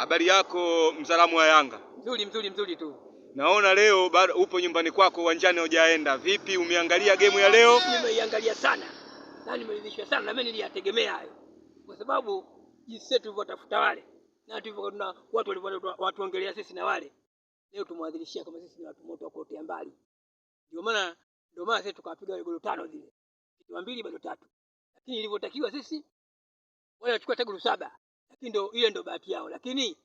Habari yako mzalamu wa Yanga? Mzuri, mzuri, mzuri tu. Naona leo bado upo nyumbani kwako, uwanjani hujaenda. Vipi, umeangalia gemu ya leo? Nimeiangalia sana na nimeridhishwa sana, na mimi niliyategemea hayo, kwa sababu jinsi yetu tulivyotafuta wale na tulivyo na watu walivyo watuongelea sisi na wale, leo tumwadhilishia kama sisi ni watu moto wa kuotea mbali. Ndio maana ndio maana sisi tukapiga wale goli tano zile, kitu mbili bado tatu, lakini ilivyotakiwa sisi wale wachukua taguru saba ndo hiyo ndo bahati yao, lakini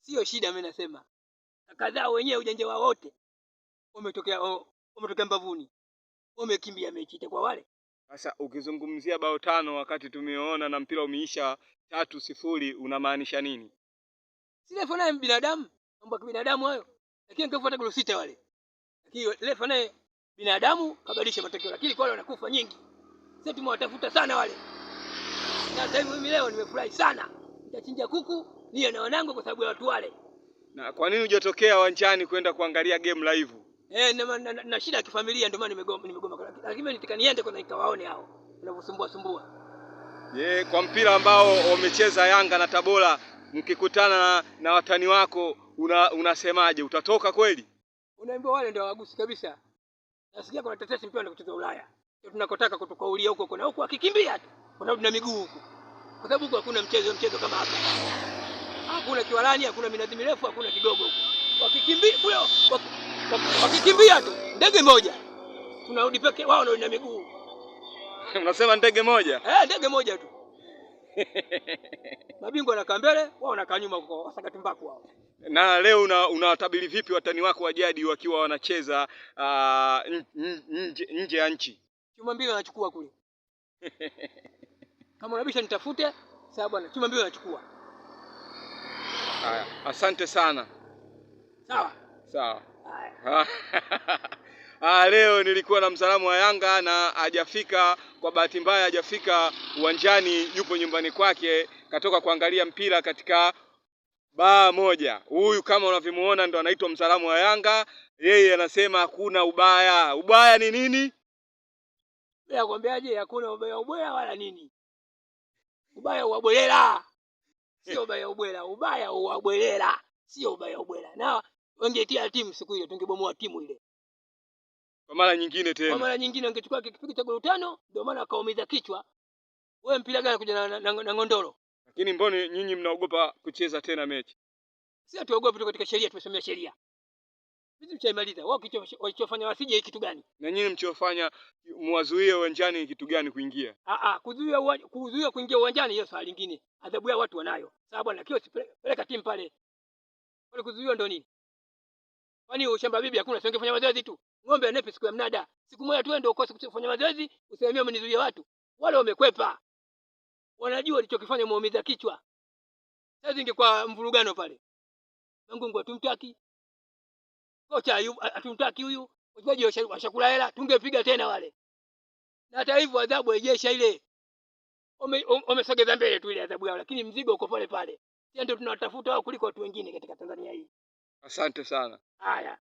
sio shida. Mimi nasema kadhaa wenyewe ujanja wao wote wametokea wametokea oh, mbavuni, wamekimbia mechi kwa wale. Sasa ukizungumzia bao tano wakati tumeona na mpira umeisha tatu sifuri, unamaanisha nini? Si refa naye binadamu, mambo ya binadamu hayo, lakini angefuata goli sita wale, lakini refa naye binadamu kabadilisha matokeo, lakini kwa wale wanakufa nyingi. Sisi tumewatafuta sana wale sasa hivi mimi leo nimefurahi sana, nitachinja kuku niyo na wanangu kwa sababu ya watu wale. Na kwa nini hujatokea wanjani kwenda kuangalia game live? Eh, na, na, na, na shida ya kifamilia ndio maana nimegoma nimegoma, lakini nitaka niende kwa nikawaone hao wanavyosumbua sumbua. Ye, kwa mpira ambao wamecheza Yanga na Tabora mkikutana na, na watani wako una, unasemaje? Utatoka kweli? Unaambiwa wale ndio wagusi kabisa. Nasikia kuna tetesi mpira ndio kucheza Ulaya. Tunakotaka kutukaulia huko kuna huko akikimbia tu kwa sababu tuna miguu huku, kwa sababu huku hakuna mchezo mchezo kama hapa. Hakuna kiwalani, hakuna minazi mirefu, hakuna kidogo huku. Wakikimbia kule, wakikimbia tu ndege moja, tunarudi peke wao, ndio na miguu unasema ndege moja eh, ndege moja tu mabingwa wanakaa mbele, wao wanakaa nyuma huko, wasagatumbaku wao. Na leo unawatabiri una vipi watani wako wa jadi wakiwa wanacheza uh, nje ya nchi? Chuma mbili anachukua kule kama unabisha nitafute. Sawa bwana, chuma mbili Haya, asante sana. Sawa sawa. Ah, leo nilikuwa na msalamu wa Yanga na hajafika, kwa bahati mbaya hajafika uwanjani, yupo nyumbani kwake, katoka kuangalia mpira katika baa moja. Huyu kama unavyomuona ndo anaitwa msalamu wa Yanga. Yeye anasema hakuna ubaya. Ubaya ni nini? Nakwambiaje? Hakuna ubaya ubaya wala nini ubaya uwabwelela, eh. sio ubaya ubwela, ubaya uwabwelela, sio ubaya ubwela. Na wangetia timu siku hiyo, tungebomoa timu ile kwa mara nyingine tena, kwa mara nyingine wangechukua kipigo cha goli tano. Ndio maana akaumiza kichwa. Wewe mpira gani kuja na, na, na, na ngondoro? Lakini mbona nyinyi mnaogopa kucheza tena mechi? Si hatuogopi, tu, katika sheria, tumesomea sheria. Vipi mchaimaliza? Wao kicho walichofanya wasije kitu gani? Na nyinyi mchofanya muwazuie uwanjani kitu gani kuingia? Ah ah, kuzuia kuzuia kuingia uwanjani hiyo swali lingine. Adhabu ya watu wanayo. sababu na kio sipeleka timu pale. Wale kuzuia ndo nini? Kwani ushamba bibi hakuna sio ungefanya mazoezi tu. Ng'ombe anepe siku ya mnada. Siku moja tu ndio ukose kufanya mazoezi, usemie umenizuia watu. Wale wamekwepa. Wanajua walichokifanya muumiza kichwa. Sasa ingekuwa mvurugano pale. Mangungu atumtaki, kocha hatumtaki huyu, wachezaji washakula hela, tungepiga tena wale. Na hata hivyo adhabu haijesha ile, wamesogeza mbele tu ile adhabu yao, lakini mzigo uko pale pale. Ndio tunatafuta wao kuliko watu wengine katika Tanzania hii. Asante sana. Haya.